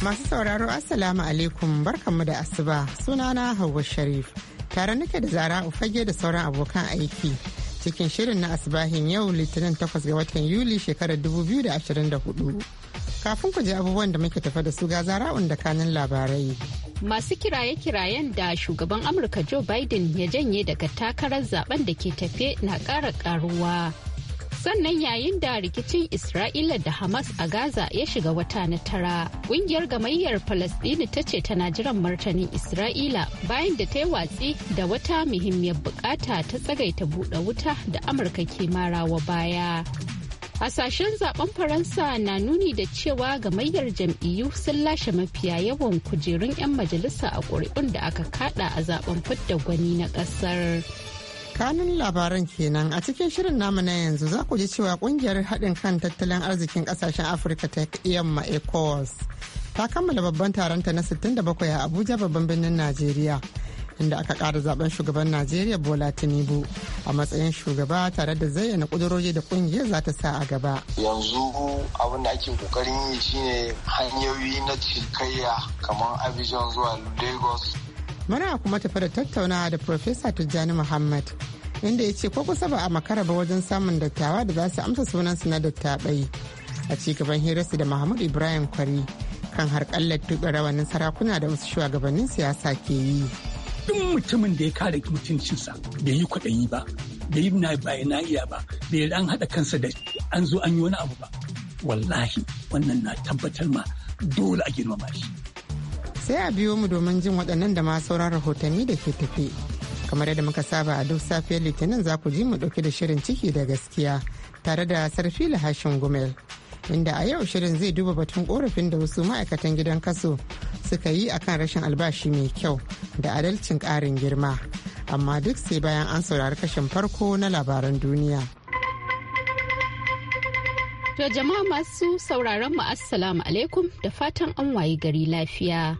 Masu sauraro Assalamu alaikum barkanmu da asuba sunana Hauwa Sharif. Tare nake da zara fage da sauran abokan aiki. Cikin shirin na asibahin yau litinin takwas ga watan Yuli shekarar 2024. Kafin ku ji abubuwan da muke tafa da su ga zara'un da kanin labarai. Masu kiraye-kirayen da shugaban Amurka Joe Biden ya janye daga takarar zaben da ke tafe na ƙara ƙaruwa. sannan yayin da rikicin isra'ila da hamas a gaza ya shiga wata na tara kungiyar gamayyar falastini ta ce tana jiran martanin isra'ila bayan da ta yi watsi da wata muhimmiyar bukata ta tsagaita buɗe wuta da amurka ke marawa baya hasashen zaben faransa na nuni da cewa gamayyar jam'iyyu sun lashe mafiya yawan kujerun 'yan majalisa a ƙuri'un da aka kada a zaben fidda gwani na ƙasar. kanun labaran kenan a cikin shirin namu na yanzu za ku ji cewa kungiyar haɗin kan tattalin arzikin ƙasashen afirka ta yamma ecowas ta kammala babban taronta na 67 a abuja babban birnin najeriya inda aka kara zaben shugaban najeriya bola tinubu a matsayin shugaba tare da zayyana ƙudurori da ƙungiyar za ta sa a gaba yanzu abin da ake ƙoƙarin yi shine hanyoyi na cinikayya kamar abidjan zuwa lagos muna kuma tafi da tattaunawa da Profesa Tijjani Muhammad inda ya ce ko kusa ba a makara ba wajen samun dattawa da za su amsa sunan su na dattabai a cigaban hirarsu da Muhammad Ibrahim Kwari kan harkar tuɓe rawanin sarakuna da wasu shugabannin siyasa ke yi. Duk mutumin da ya kare mutuncinsa bai yi kwaɗayi ba, bai yi na bayan na iya ba, bai an haɗa kansa da an zo an yi wani abu ba. Wallahi wannan na tabbatar ma dole a girmama shi. sai a biyo mu domin jin waɗannan da ma sauran rahotanni da ke tafe kamar yadda muka saba a duk safiyar litinin za ku ji mu ɗauke da shirin ciki da gaskiya tare da sarfi lahashin gumel inda a yau shirin zai duba batun korafin da wasu ma'aikatan gidan kaso suka yi akan rashin albashi mai kyau da adalcin ƙarin girma amma duk sai bayan an saurari kashin farko na labaran duniya. To jama'a masu sauraron mu assalamu alaikum da fatan an wayi gari lafiya.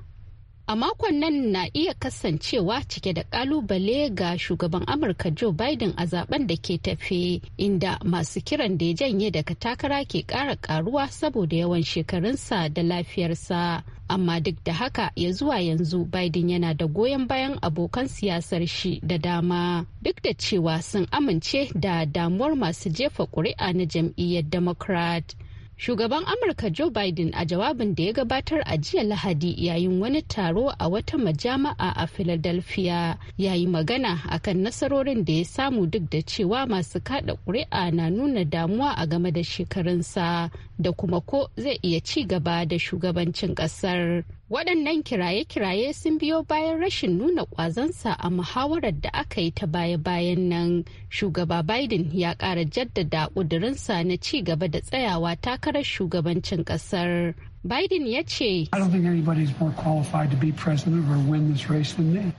a makon nan na iya kasancewa cike da kalubale ga shugaban amurka joe biden a zaben da ke tafe inda masu kiran da ya janye daga takara ke kara karuwa saboda yawan shekarunsa da lafiyarsa amma duk da haka ya zuwa yanzu biden yana da goyon bayan abokan siyasar shi da dama duk da cewa sun amince da damuwar masu jefa kuri'a na jam'iyyar democrat Shugaban Amurka Joe Biden a jawabin da ya gabatar a jiya Lahadi yayin wani taro a wata majama'a a Philadelphia ya yi magana akan nasarorin da ya samu duk da cewa masu kada ƙuri'a na nuna damuwa a game da shekarunsa da kuma ko zai iya ci gaba da shugabancin ƙasar. waɗannan kiraye-kiraye sun biyo bayan rashin nuna ƙwazonsa a muhawarar da aka yi ta baya-bayan nan shugaba biden ya ƙara jaddada ƙudurinsa na ci gaba da tsayawa takarar shugabancin ƙasar Biden ya ce,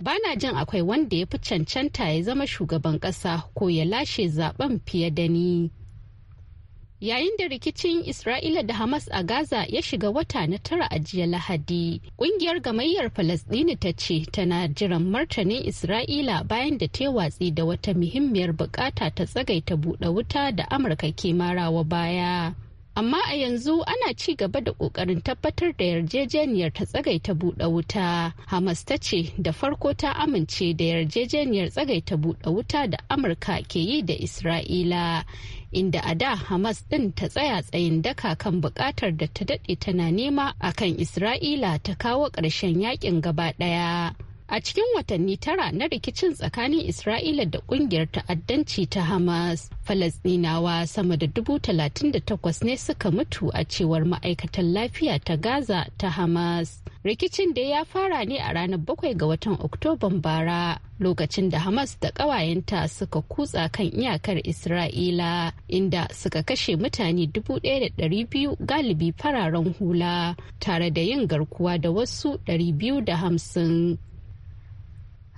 Ba na jin akwai wanda ya fi cancanta ya zama shugaban ƙasa ko ya lashe zaben fiye da ni. yayin da rikicin isra'ila da hamas a gaza ya shiga wata na tara a jiya lahadi kungiyar gamayyar falasdini ta ce tana jiran martanin isra'ila bayan da ta watsi da wata muhimmiyar bukata ta tsagaita buɗe wuta da amurka ke marawa baya amma a yanzu ana ci gaba da ƙoƙarin tabbatar da yarjejeniyar ta tsagaita buɗe wuta hamas ta ce da farko ta amince da yarjejeniyar tsagaita buɗe wuta da amurka ke yi da isra'ila inda a da hamas ɗin ta tsaya tsayin daka kan buƙatar da ta daɗe tana nema akan isra'ila ta kawo ƙarshen yakin gaba ɗaya a cikin watanni tara na rikicin tsakanin isra'ila da kungiyar ta'addanci ta hamas falasdinawa sama da dubu talatin da takwas ne suka mutu a cewar ma'aikatan lafiya ta gaza ta hamas rikicin da ya fara ne a ranar bakwai ga watan oktoban bara lokacin da hamas da ƙawayenta suka kutsa kan iyakar isra'ila inda suka kashe mutane dubu ɗaya da ɗari biyu galibi fararen hula tare da yin garkuwa da wasu ɗari biyu da hamsin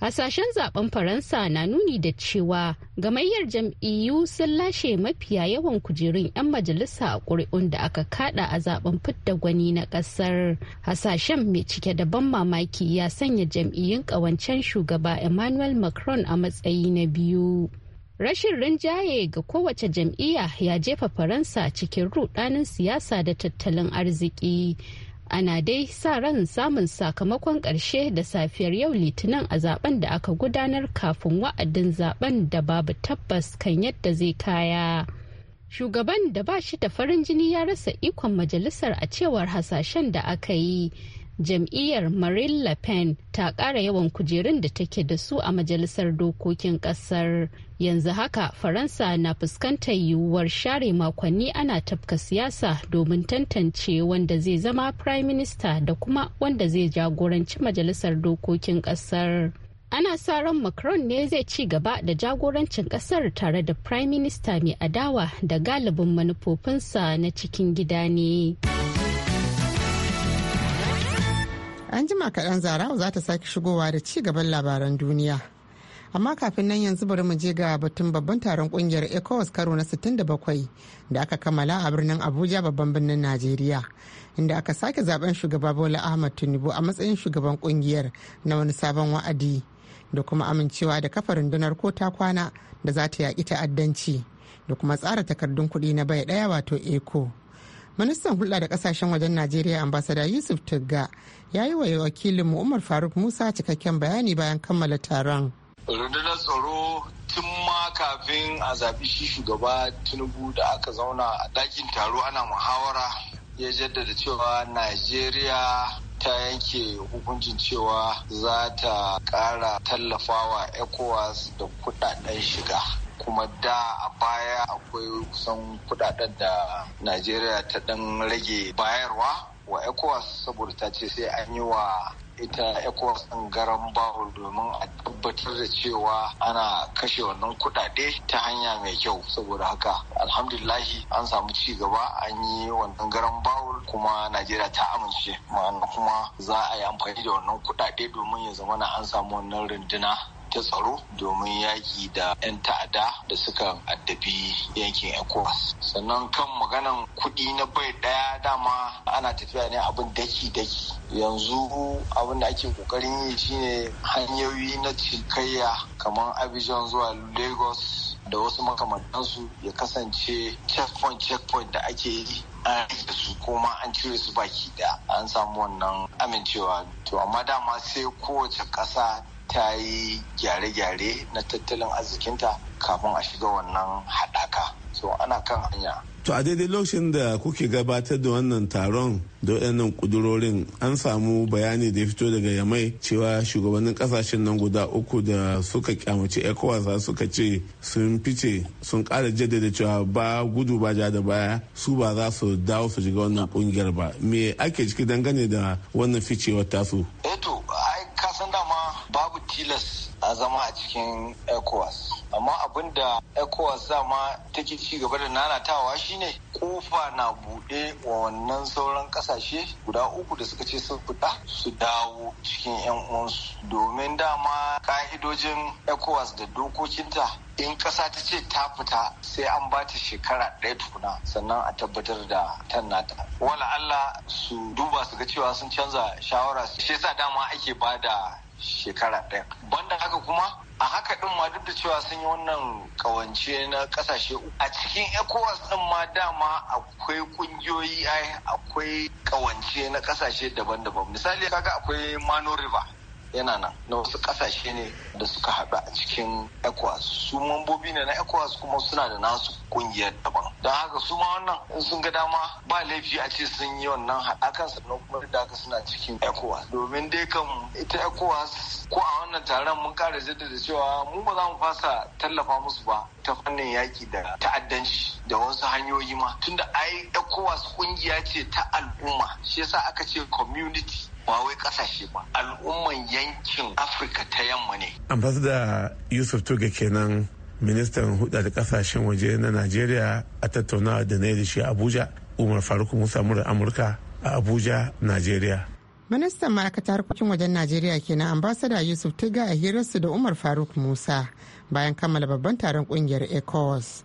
hasashen zaben faransa na nuni da cewa gamayyar jam'iyyu sun lashe mafiya yawan kujerun 'yan majalisa a ƙuri'un da aka kada a zaben fidda gwani na ƙasar hasashen mai cike da ban mamaki ya sanya jam'iyyun ƙawancen shugaba emmanuel macron a matsayi na biyu rashin rinjaye ga kowace jam'iyya ya jefa faransa cikin rudanin siyasa da tattalin arziki ana dai sa ran samun sakamakon ƙarshe da safiyar yau litinin a zaben da aka gudanar kafin wa'adin zaben da babu tabbas kan yadda zai kaya shugaban da ba shi da farin jini ya rasa ikon majalisar a cewar hasashen da aka yi jam'iyyar Marine Le Pen ta ƙara yawan kujerun da take da su a majalisar dokokin ƙasar. Yanzu haka Faransa na fuskantar yiwuwar share makonni ana tafka siyasa domin tantance wanda zai zama Prime Minister da kuma wanda zai jagoranci majalisar dokokin ƙasar. Ana sa ran Macron ne zai ci gaba da jagorancin ƙasar tare da Prime Minister mai adawa da galibin manufofinsa na cikin gida ne. An jima kaɗan zarawa za ta sake shigowa da ci gaban labaran duniya. Amma kafin nan yanzu bari mu je ga batun babban taron kungiyar ECOWAS karo na 67 da aka kammala a birnin Abuja babban birnin Najeriya. Inda aka sake zaben shugaba Bola Ahmad Tinubu a matsayin shugaban kungiyar na wani sabon wa'adi da kuma amincewa da kafa rundunar ko ta kwana da za ta yaƙi ta'addanci da kuma tsara takardun kuɗi na bai ɗaya wato ECO. ministan hulɗa da ƙasashen wajen najeriya ambasada yusuf tugga ya yi wa wakilin mu umar faruk musa cikakken bayani bayan kammala taron rundunar tsaro tun ma kafin a zaɓi shi shugaba tinubu da aka zauna a ɗakin taro ana muhawara ya jaddada cewa najeriya ta yanke hukuncin cewa za ta ƙara tallafawa ecowas da kuɗaɗen shiga kuma da a baya akwai kusan kudaden da najeriya ta dan rage bayarwa wa ecowas saboda ta ce sai an yi wa ita ecowas ɗin garan bawul domin a tabbatar da cewa ana kashe wannan kuɗaɗe ta hanya mai kyau saboda haka alhamdulillahi an samu ci gaba an yi wannan garan bawul kuma najeriya ta amince ma'ana kuma za a yi amfani da wannan kuɗaɗe domin ya zama na an samu wannan runduna ta tsaro domin yaki da 'yan ta'ada da suka addabi yankin ecowas sannan kan maganan kuɗi na bai ɗaya dama ana tafiya ne abin daki-daki yanzu abin da ake kokarin yi shine hanyoyi na cikayya kamar abidjan zuwa lagos da wasu makamantansu ya kasance checkpoint checkpoint da ake yi an rike su koma an cire su baki da an samu wannan amincewa to amma dama sai kowace ƙasa ta yi gyare-gyare na tattalin arzikinta kafin a shiga wannan haɗaka so ana kan hanya to a daidai lokacin da kuke gabatar da wannan taron da waɗannan ƙudurorin an samu bayani da ya fito daga yamai cewa shugabannin ƙasashen nan guda uku da suka kyamaci ecowas suka ce sun fice sun ƙara jaddada cewa ba gudu ba ja da baya su ba za su dawo su shiga wannan ƙungiyar ba me ake ciki dangane da wannan ficewar tasu eto eh babu tilas a zama a cikin ecowas amma abin da ecowas ta take ci gaba da nanatawa shine kofa na buɗe wa wannan sauran ƙasashe guda uku da suka ce sun fita su dawo cikin 'yan uwansu domin dama ka'idojin ecowas da dokokinta in ƙasa ta ce ta fita sai an ba ta shekara ɗaya tukuna sannan a tabbatar da tan nata wala Allah su duba su ga cewa sun canza shawara shi yasa dama ake ba da shekara ɗaya banda haka kuma a haka ɗin ma duk da cewa sun yi wannan kawance na ƙasashe a cikin ecowas ɗin ma dama akwai ƙungiyoyi akwai ƙawance na ƙasashe daban-daban misali kaga akwai mano river yana nan na wasu ƙasashe ne da suka haɗu a cikin ecowas su mambobi ne na ecowas kuma suna da nasu ƙungiyar daban da haka su ma wannan in sun ga dama ba laifi a ce sun yi wannan haɗakan sannan kuma da haka suna cikin ecowas domin dai kan ita ecowas ko a wannan taron mun kara jaddada cewa mu ba za mu fasa tallafa musu ba ta fannin yaƙi da ta'addanci da wasu hanyoyi ma tunda ai ecowas kungiya ce ta al'umma shi yasa aka ce community ba wai kasashe ba al'umman yankin afirka ta yamma ne ambasada yusuf tuga kenan ministan hudu da kasashen waje na najeriya a tattaunawa da na da shi abuja umar faruk musa murar amurka a abuja najeriya ministan ma'aikatar harkokin wajen najeriya ke na ambasada yusuf tiga a hirarsu da umar faruk musa bayan kammala babban taron kungiyar Ecos.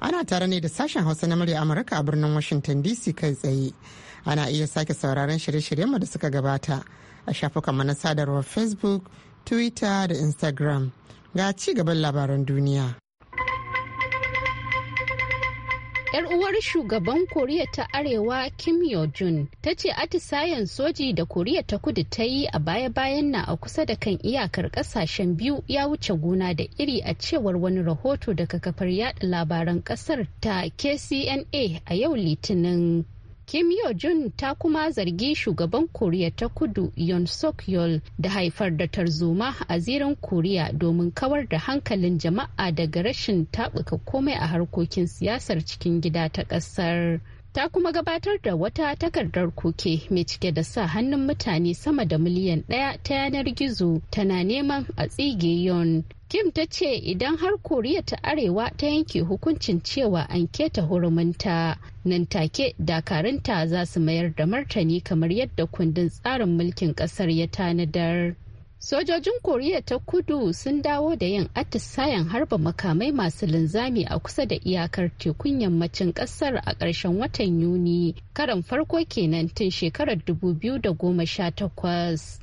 ana tare ne da sashen hausa na murya amurka a birnin washington dc kai tsaye ana iya sake sauraron shirye mu da suka gabata a shafukan mana sadarwar facebook twitter da instagram ga ci gaban labaran duniya. yar uwar shugaban koriya ta arewa kim yo jun ta ce atisayen soji da koriya ta kudu ta yi a baya-bayan na a kusa da kan iyakar kasashen biyu ya wuce gona da iri a cewar wani rahoto daga kafar yada labaran kasar ta kcna a yau litinin Kim Yo Jun ta kuma zargi shugaban Koriya ta kudu yon Sok Yol da haifar da tarzoma a zirin Koriya domin kawar da hankalin jama'a daga rashin taɓuka komai a harkokin siyasar cikin gida ta ƙasar. Ta kuma gabatar da wata takardar koke mai cike da sa hannun mutane sama da miliyan ɗaya ta yanar gizo tana neman a tsige Yon Kim ta ce idan har Koriya ta Arewa ta yanke hukuncin cewa an keta hurumunta nan take dakarunta za su mayar da martani kamar yadda kundin tsarin mulkin kasar ya tanadar. Sojojin Koriya ta kudu sun dawo da yin atisayen harba makamai masu linzami a kusa da iyakar tekun yammacin kasar a ƙarshen watan Yuni, karan farko kenan tun shekarar 2018.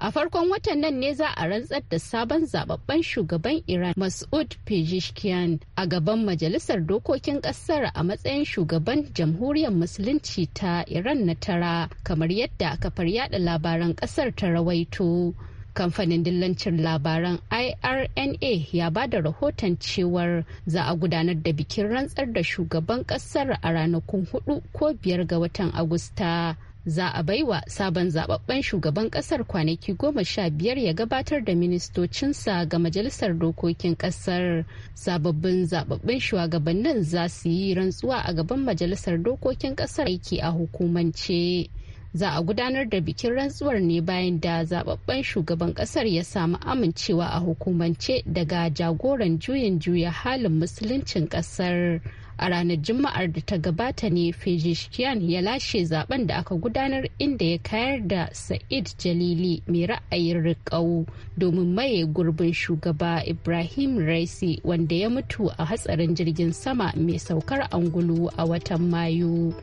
A farkon watan nan ne za a rantsar da sabon zababben shugaban Iran Mas'ud Pezeshkian a gaban Majalisar Dokokin Ƙasar a matsayin shugaban Jamhuriyar Musulunci ta Iran na tara kamar yadda kafar yada labaran ƙasar ta rawaito. kamfanin dillancin labaran irna ya ba da rahoton cewar za a gudanar da bikin rantsar da shugaban ƙasar a ranakun hudu ko biyar ga watan agusta za a baiwa sabon zababben shugaban kasar kwanaki goma sha biyar ya gabatar da ministocinsa ga majalisar dokokin kasar sababbin zababbin shugabannin za su yi rantsuwa a gaban majalisar dokokin kasar aiki a hukumance za a gudanar da bikin rantsuwar ne bayan da zababben shugaban kasar ya samu amincewa a hukumance daga jagoran juyin juya halin musuluncin kasar. a ranar juma'ar da ta gabata ne pezeshkian ya lashe zaben da aka gudanar inda ya kayar da sa'id jalili mai ra'ayin riƙau domin maye gurbin shugaba ibrahim raisi wanda ya mutu a hatsarin jirgin sama mai saukar angulu a watan mayu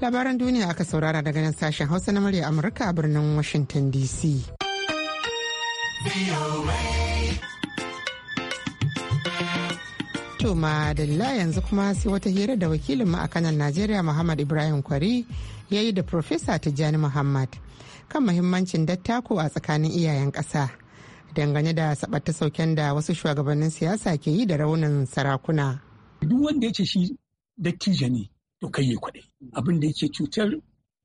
labaran duniya aka saurara daga nan sashen hausa na murya amurka a birnin washington dc To madalla yanzu kuma sai wata hira da wakilin mu a kanan Najeriya Muhammad Ibrahim Kwari ya yi da Profesa Tijjani Muhammad kan muhimmancin dattako a tsakanin iyayen ƙasa dangane da sabatta sauken da wasu shugabannin siyasa ke yi da raunin sarakuna. Duk wanda ya ce shi ne to kai ya kwaɗai abin da yake cutar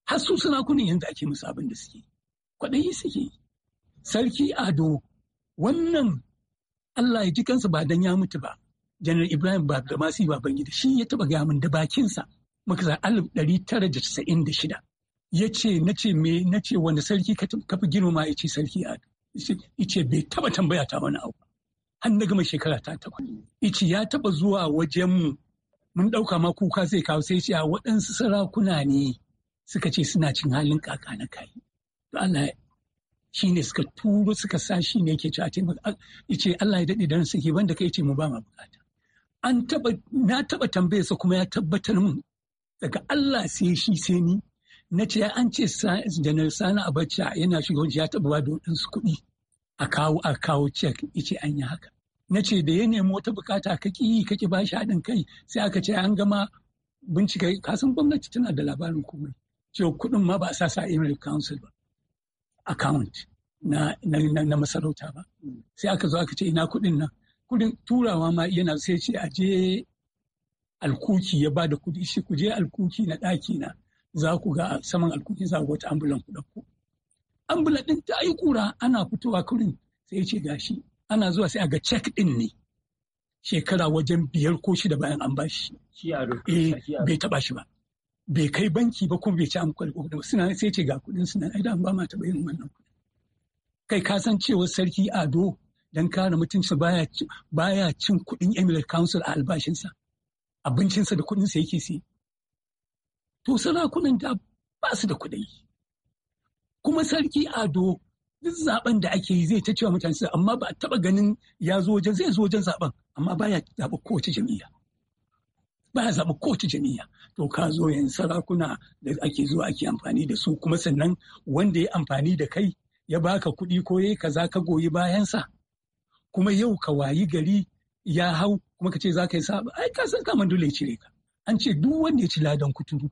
har su sarakunan yanzu ake musu abin da suke kwaɗayi suke sarki ado wannan Allah ya ji kansa ba dan ya mutu ba janar ibrahim ba da masu ba bangida shi ya taba gaya min da bakinsa muka sa alif ɗari tara da casa'in da shida ya ce na ce me na ce wanda sarki ka fi girmama ya ce sarki ya ce bai taba tambaya ta wani abu har na gama shekara ta takwas ya ya taba zuwa wajenmu mun ɗauka ma kuka zai kawo sai ce waɗansu sarakuna ne suka ce suna cin halin kaka na kayi to Allah shi ne suka turo suka sa shi ne yake cewa taimaka ya ce Allah ya daɗe da suke banda kai ce mu ba ma bukata an taba na taba tambaye sa kuma ya tabbatar mun daga Allah sai shi sai ni na ce an ce janar sani abacha yana wajen ya taba ba don waɗansu kuɗi a kawo a kawo cek ice an yi haka na ce da ya nemi wata bukata ka ki ka ki bashi haɗin kai sai aka ce an gama bincika kasan gwamnati tana da labarin komai ce kuɗin ma ba a sasa email council ba account na, na masarauta ba hmm. sai aka zo aka ce ina kuɗin nan kudin turawa ma yana sai ce a je alkuki ya ba da kudi shi ku je alkuki na ɗaki na za ku ga saman alkuki za ku wata ambulan ku ɗauko ambulan ɗin ta yi kura ana fitowa kurin sai ya ce gashi ana zuwa sai a ga cek ɗin ne shekara wajen biyar ko shida bayan an bashi eh bai taɓa shi ba bai kai banki ba kuma bai ci an ko da suna sai ce ga kuɗin suna ai da an ba ma taɓa yin wannan kuɗi kai ka san cewa sarki ado don kare mutunci baya cin kuɗin Emirate Council a albashinsa, abincinsa da kuɗinsa yake si. To sarakunan da ba su da kuɗi. Kuma sarki Ado duk zaben da ake yi zai ta cewa mutane amma ba a taba ganin ya zo wajen zai zo wajen zaben amma baya zaɓa kowace jami'a baya zaɓa kowace jami'a to ka zo yan sarakuna da ake zuwa ake amfani da su kuma sannan wanda ya amfani da kai ya baka kuɗi ko yayi kaza ka goyi bayansa kuma yau ka wayi gari ya hau kuma ka ce za ka yi saba ai ka san kaman dole ya cire ka an ce duk wanda ya ci ladan kuturu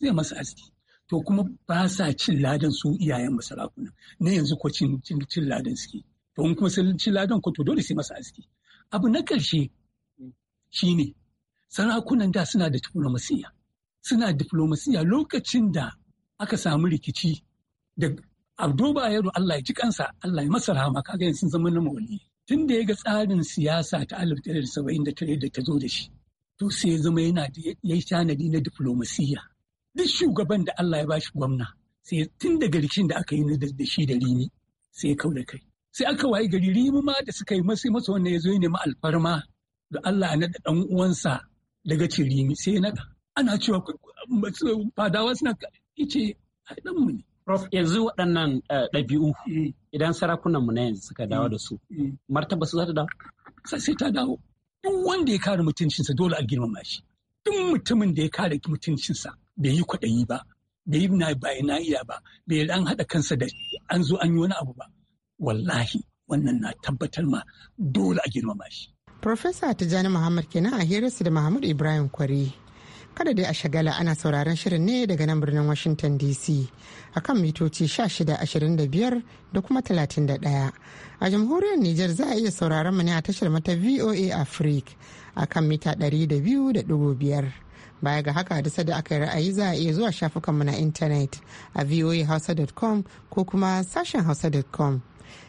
zai masa aski to kuma ba sa cin ladan su iyayen masarakuna na yanzu ko cin cin ladan suke to in kuma sun cin ladan ko to dole sai masa aski abu na karshe shine sarakunan da suna da diplomasiya suna diplomasiya lokacin da aka samu rikici da ya Bayero Allah ya ji kansa Allah ya masa rahama kaga yanzu sun zama na mawali. Tun da ya ga tsarin siyasa ta alif da saba'in da ta zo da shi. To sai ya zama yana da ya yi tanadi na diflomasiyya. Duk shugaban da Allah ya bashi gwamna sai tun daga rikin da aka yi da shi da rini sai ya da kai. Sai aka wayi gari rimu ma da suka yi masa masa wannan ya zo ya nemi alfarma da Allah ya naɗa dan uwansa daga cirimi sai ya naɗa. Ana cewa fadawa suna ice a mu ne. yanzu waɗannan eh, ɗabi'u eh. idan sarakunan mu na yanzu suka dawo eh. da su martaba su za ta dawo sai ta dawo duk wanda ya kare mutuncinsa dole a girmama shi duk mutumin da ya kare mutuncinsa bai yi kwaɗayi ba bai yi na bai na iya ba bai an haɗa kansa da an zo an yi wani abu ba wallahi wannan na tabbatar ma dole a girmama shi Profesa Tijjani Muhammad kenan a hirarsa da Mahmud Ibrahim Kwari. kada dai a shagala ana sauraron shirin ne daga nan birnin washington dc kan mitoci 1625 da kuma 31 a jamhuriyar niger za a iya sauraron mu ne a tashar mata voa a kan mita 200.5 baya ga haka da sada aka yi ra'ayi za a iya zuwa shafukanmu na intanet a voahausa.com ko kuma sashen hausa.com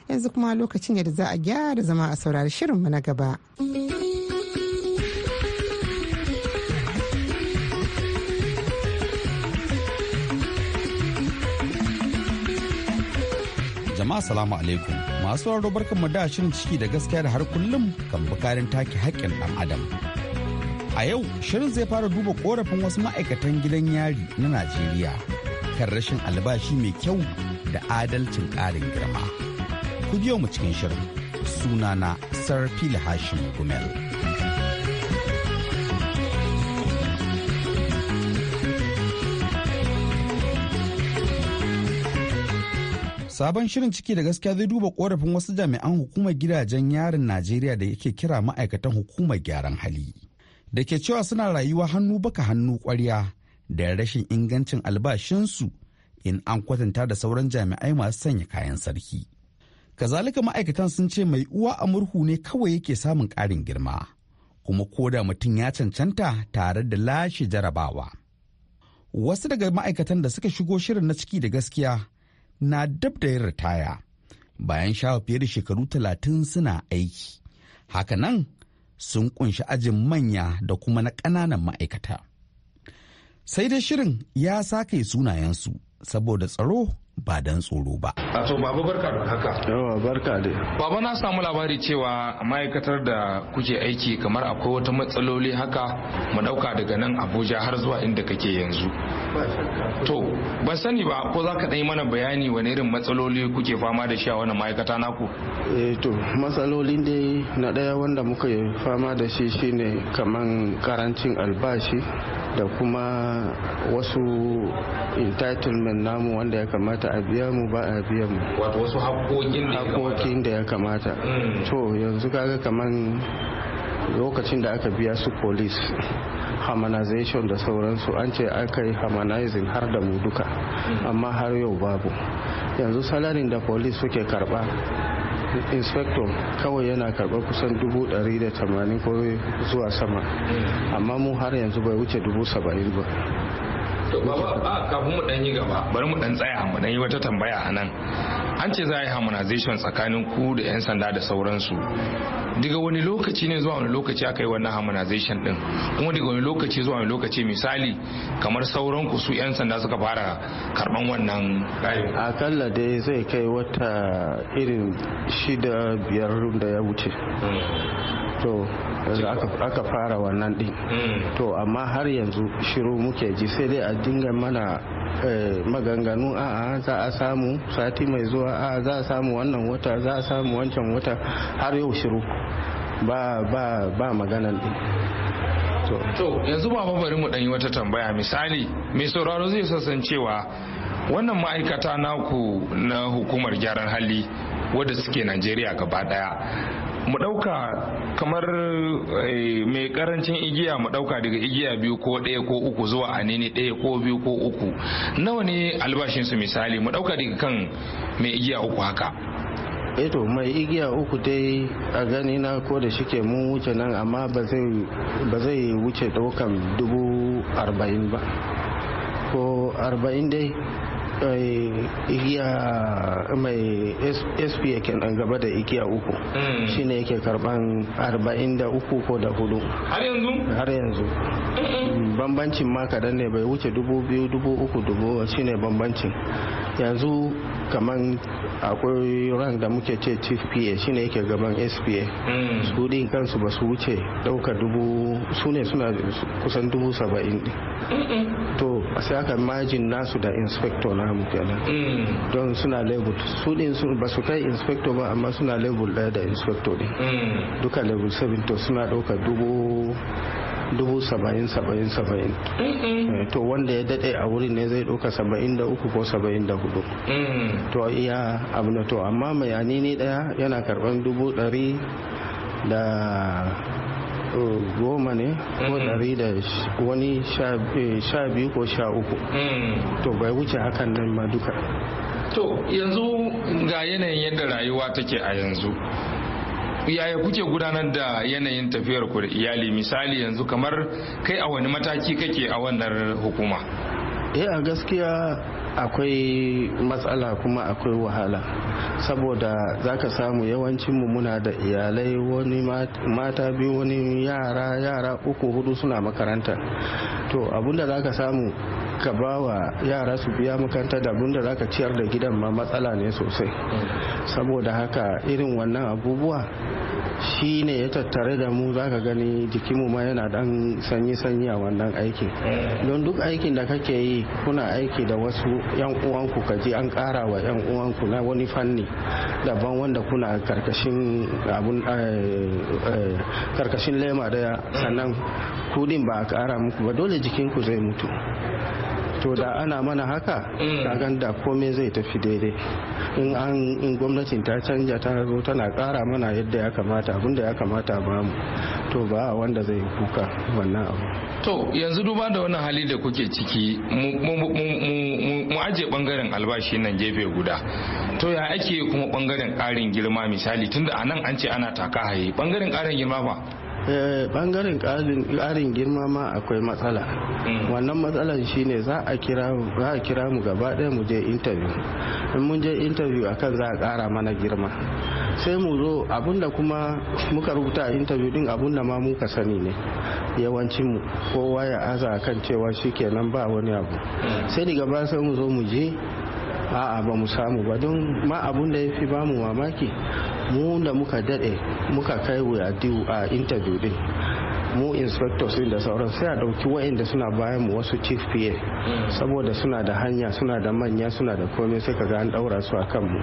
yanzu kuma lokacin yadda za a gyara zama a saurari mu na gaba. jama'a salamu alaikum masu sauraro barkan mu da shirin ciki da gaskiya da har kullum kan bukarin take haƙƙin ɗan adam a yau shirin zai fara duba korafin wasu ma'aikatan gidan yari na najeriya kan rashin albashi mai kyau da adalcin ƙarin girma ku biyo mu cikin shirin sunana Sarfi hashim gumel. Sabon shirin ciki da gaskiya zai duba korafin wasu jami'an hukumar gidajen yarin Najeriya da yake kira ma'aikatan hukumar gyaran hali. Da ke cewa suna rayuwa hannu baka hannu kwarya da rashin ingancin albashinsu in an kwatanta da sauran jami'ai masu sanya kayan sarki. Kazalika ma'aikatan sun ce mai uwa a murhu ne kawai yake samun ƙarin girma, kuma ko da mutum ya cancanta tare da lashe jarabawa. Wasu daga ma'aikatan da suka shigo shirin na ciki da gaskiya na dab da yin ritaya bayan shawa fiye da shekaru talatin suna aiki hakanan sun kunshi ajin manya da kuma na ƙananan ma'aikata sai dai shirin ya sake sunayensu saboda tsaro ba don tsoro ba. A to babu barka da haka. Yawa barka dai. Baba na samu labari cewa ma'aikatar da kuke aiki kamar akwai wata matsaloli haka mu dauka daga nan Abuja har zuwa inda kake yanzu. To ban sani ba ko za ka ɗan mana bayani wani irin matsaloli kuke fama da shi a wannan ma'aikata naku? Eh to matsalolin dai na ɗaya wanda muka fama da shi shine kaman karancin albashi da kuma wasu entitlement namu wanda ya kamata kamata a biya mu ba a biya mu wato wasu haƙoƙin da ya kamata mm. to yanzu kaga kaman lokacin da aka biya su police harmonization da sauransu an ce aka yi harmonizing har da mu duka mm. amma har yau babu yanzu salarin da police suke karba inspector kawai yana karɓar kusan 180 ko zuwa sama mm. amma mu har yanzu bai wuce saba'in ba to ba ba kafin mu dan yi gaba bari mu dan tsaya mu dan yi wata tambaya a nan an ce za a yi harmonization tsakanin ku da 'yan sanda da sauransu daga wani lokaci ne zuwa wani lokaci aka yi wannan harmonization din kuma daga wani lokaci zuwa wani lokaci misali kamar sauran ku su 'yan sanda suka fara karban wannan akalla dai zai kai wata irin shida biyar da ya wuce hmm. to aka fara wannan din hmm. to amma har yanzu shiru muke ji sai dai a dinga mana eh, maganganu a'a za a samu sati mai zuwa cewa a za a samu wannan wata za a samu wancan wata har yau shiru ba ba ba maganan to yanzu ba bari mu yi wata tambaya misali mai sauraro zai sassan cewa wannan ma'aikata naku na hukumar gyaran hali wadda suke najeriya gaba daya mu ɗauka kamar eh, mai karancin igiya mu ɗauka daga igiya biyu ko ɗaya ko uku zuwa a nene ɗaya ko biyu ko uku nawa ne albashinsu misali mu ɗauka daga kan mai igiya uku haka eto eh mai igiya uku dai a gani na ko da shike mun wuce nan amma ba zai wuce daukan dubu arba'in ba ko arba'in dai igiya mai sp kenan gaba da igiya uku hmm. shine yake karban arba'in da uku ko da hudu har yanzu har yanzu bambancin ma kadan ne bai wuce dubu biyu dubu uku dubu shine bambancin yanzu kaman akwai rank da muke ce chief pa shine yake gaban spa hmm. su din kansu ba su wuce dauka dubu su ne suna kusan dubu saba'in to sai aka majin nasu da inspector na namu kenan mm. don suna level su din ba su kai inspector ba amma suna level daya da inspector ne mm. duka level 7 to suna dauka dubu dubu saba'in saba'in saba'in eh, to wanda ya dade a wurin ne zai ɗauka saba'in da uku ko saba'in da hudu mm. to iya abu na to amma mai anini daya yana karban dubu dari da goma ne ko mm-hmm. ɗari da wani eh, sha biyu ko sha uku mm. to bai wuce hakan nan ma duka to yanzu ga yanayin yadda rayuwa take a yanzu yaya kuke gudanar da yanayin tafiyar ku da iyali misali yanzu kamar kai a wani mataki kake a wannan hukuma eh a gaskiya akwai matsala kuma akwai wahala saboda za ka samu yawancinmu muna da iyalai wani mata biyu wani yara yara uku hudu suna makaranta to abinda za ka samu ka ba wa yara su biya makaranta da abinda za ka ciyar da gidan ma matsala ne sosai saboda haka irin wannan abubuwa shi ne ya tattare da mu za ka gani jikinmu ma yana dan sanyi-sanyi a wannan aiki don duk aikin da kake yi kuna aiki da wasu yan uwanku ka je an ƙara wa yan uwanku na wani fanni daban wanda kuna karkashin abun eh, eh, karkashin lema daya sannan kudin ba a kara muku ba dole jikin ku zai mutu to da ana mana haka mm. gan da komai zai tafi daidai in an in gwamnatin ta canja ta zo tana kara mana yadda ya kamata abinda ya kamata ba mu to ba wanda zai kuka wannan abu to yanzu duba da wannan hali da kuke ciki mu aje bangaren albashi nan gefe guda to ya ake kuma bangaren karin girma misali tunda anan an ce ana taka takahaye bangaren karin girma ba Eh, bangaren karin girma ma akwai matsala mm. wannan matsalan shine za a kira mu gaba ɗaya mu je interview in mun je interview akan za a ƙara mana girma sai mu zo abinda kuma muka rubuta a interview din abinda ma muka sani ne yawancin mu kowa ya aza akan cewa shi kenan ba wani abu mm. sai daga ba sai mu zo mu je a'a ba mu samu ba don ma abun da ya fi bamu mamaki mu da muka dade muka kai wa a interview din mu inspectors din da sauran sai a ɗauki wa'inda suna bayan mu wasu chief pa saboda suna da hanya suna da manya suna da komai sai kaga an daura su a kanmu mu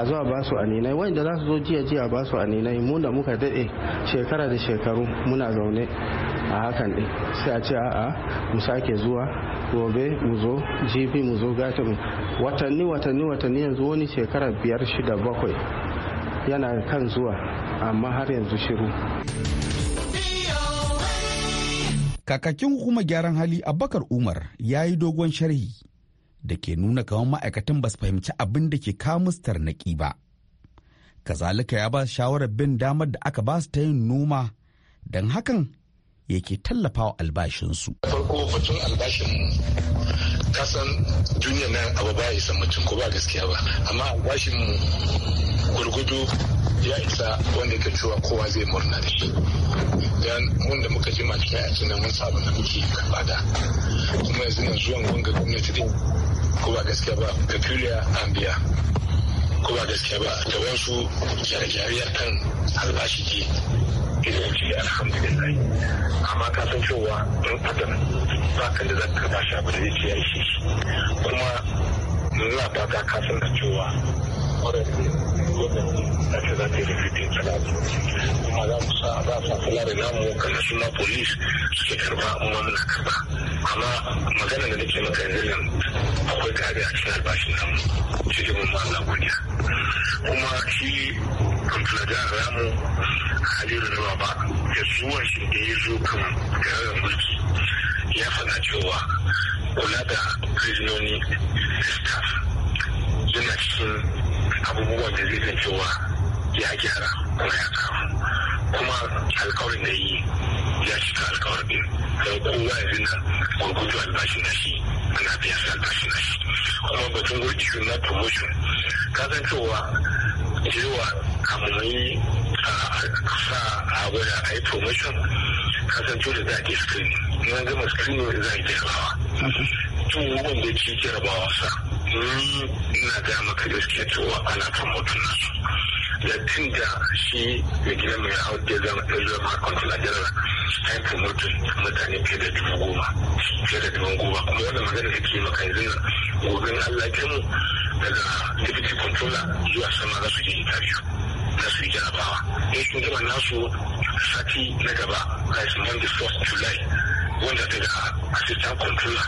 a zuwa ba su aninai wa'inda za su zo jiya jiya ba su aninai mu da muka dade shekara da shekaru muna zaune a hakan ɗin sai a ce a'a mu sake zuwa gobe mu zo jibi mu zo gata watanni watanni watanni yanzu wani shekara biyar shida bakwai yana kan zuwa amma har yanzu shiru kakakin hukumar gyaran hali abubakar umar ya yi dogon sharhi da ke nuna kamar ma'aikatan ba su fahimci abin da ke kamus tarnaki ba kazalika ya ba shawarar bin damar da aka ba su ta yin noma don hakan yake tallafa wa albashinsu. Farko batun albashin kasan duniya na abu ba isa mutum ko ba gaskiya ba amma albashin gurgudu ya isa wanda ke cewa kowa zai murna da shi don mun da muka jima cikin aikin nan mun sabu da muke karɓa da kuma yanzu na zuwan wanga gwamnati din ko ba gaskiya ba peculiar an biya ko ba gaskiya ba da wasu gyare kan albashi ke idan ce alhamdulillah amma ka san cewa ɗan adam ba ka da zaka ba shi abu da zai ce ya ishe shi kuma na ba ka san cewa kwararre wadannan ake za ta yi rikidin kuma za mu sa za sa kula da namu kan su ma police suke karba amma muna karba amma magana da nake maka yanzu nan akwai kare a cikin albashin namu cikin mun ma Allah godiya kuma shi kamfila jihar ramu halilu na baba da zuwan shi da ya zo kan garar mulki ya faɗa cewa kula da prisoners staff yana cikin abubuwan da zai cewa ya gyara kuma ya kawo kuma alkawarin da yi ya cika alkawarin da don kowa ya zina gurgudu albashin na shi ana biya su albashin na shi kuma batun gurgudu na promotion ka san cewa cewa kamar yi sa a gwada a yi promotion kasance da za a ke screening in an gama screening da za a yi jarabawa duk wanda ke jarabawa sa ina ga maka gaskiya cewa ana kan mutum nasu da tun da shi ya gina mai hau da zama da zama kwantala general an mutum mutane fiye da dubu goma fiye da dubu goma kuma wannan magana da ke maka yanzu na gobe Allah ke mu daga deputy controller zuwa sama za su je interview za su yi jarabawa in sun gama nasu sati na gaba a guys monday 4 july wanda daga assistant controller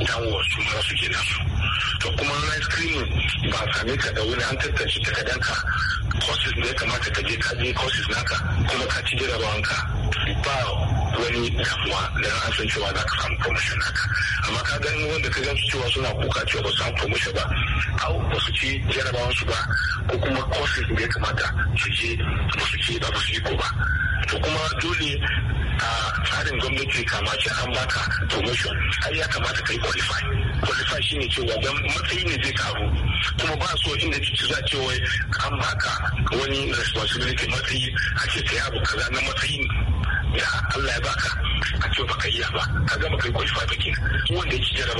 dan wasu mara za su je nasu to kuma na screening ba same ka da wani an tantance takardanka courses da ya kamata ka je ka je courses naka kuma ka ci jarabawanka ba wani damuwa da an san cewa za ka samu promotion naka amma ka gani wanda ka gamsu cewa suna kuka cewa ba su samu promotion ba ba su ci jarabawansu ba ko kuma courses da ya kamata su je ba su ci ba su ko ba to kuma dole a tsarin gwamnati kama ce an baka promotion ai ya kamata kai qualify qualify shine cewa dan matsayi ne zai karu kuma ba so inda kici za ce wai an baka wani responsibility matsayi a ce kai abu kaza na matsayin da Allah ya baka ka gama kai qualify ba kenan duk wanda ya ci sa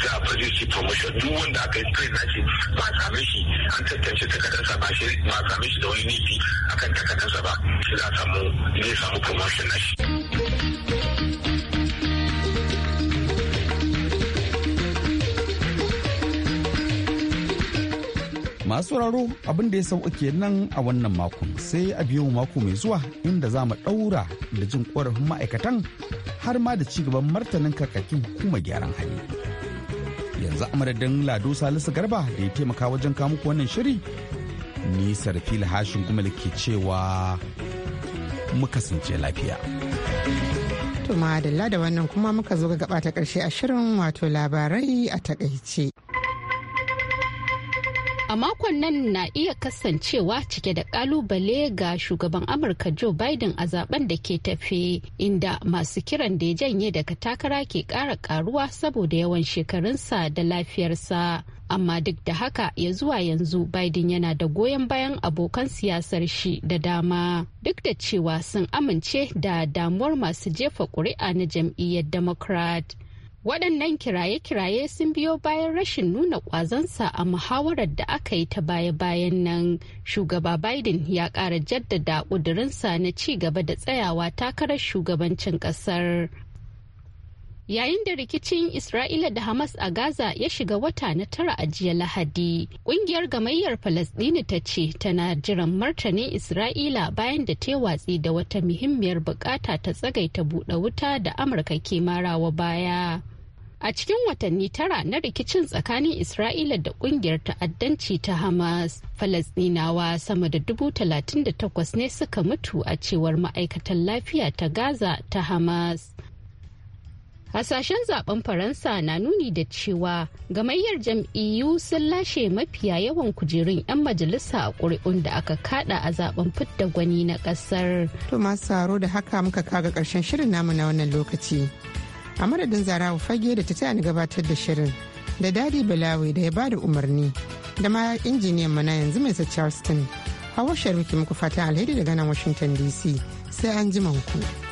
za a fara shi promotion duk wanda aka yi train nashi ba same shi an tantance takardarsa ba shi ba same shi da wani nifi akan takardarsa ba shi za a samu zai samu promotion nashi. masu sauraro abin da ya sauƙaƙe nan a wannan makon sai a biyo mako mai zuwa inda za mu ɗaura da jin ƙorafin ma'aikatan har ma da cigaban martanin kakakin hukumar gyaran hali yanzu amadadin lado salisu garba da ya taimaka wajen kamuku wannan shiri ni sarfil hashin da ke cewa muka kasance lafiya to da wannan kuma muka zo ga gaba ta karshe a shirin wato labarai a takaice a makon nan na iya kasancewa cike da kalubale ga shugaban amurka joe biden a zaben da ke tafe inda masu kiran da ya janye daga takara ke kara karuwa saboda yawan shekarunsa da lafiyarsa amma duk da haka ya zuwa yanzu biden yana da goyon bayan abokan siyasar shi da dama duk da cewa sun amince da damuwar masu jefa kuri'a na jam'iyyar democrat waɗannan kiraye-kiraye sun biyo bayan rashin nuna ƙwazonsa a muhawarar da aka yi ta baya-bayan nan shugaba biden ya ƙara jaddada ƙudurinsa na ci gaba da tsayawa takarar shugabancin ƙasar yayin da rikicin isra'ila da hamas a gaza ya shiga wata na tara a jiya lahadi ƙungiyar gamayyar falasdini ta ce tana jiran martanin isra'ila bayan da ta watsi da wata muhimmiyar bukata ta tsagaita buɗe wuta da amurka ke marawa baya A cikin watanni tara na rikicin tsakanin Isra'ila da kungiyar ta'addanci ta Hamas, Falasdinawa sama da dubu talatin da takwas ne suka mutu a cewar ma'aikatan lafiya ta Gaza ta Hamas. Hasashen zaben Faransa na nuni da cewa gamayyar jam'iyyu sun lashe mafiya yawan kujerun 'yan majalisa a ƙuri'un da aka kada a zaben fidda gwani na ƙasar. To da haka muka kaga ƙarshen shirin namu na wannan lokaci. a madadin zarawa fage da ta ni gabatar da shirin da dadi balawi da ya ba da umarni da ma injiniyan mana yanzu mai sa charleston hawa sharif muku fatan alheri daga nan washington dc sai an ji ku.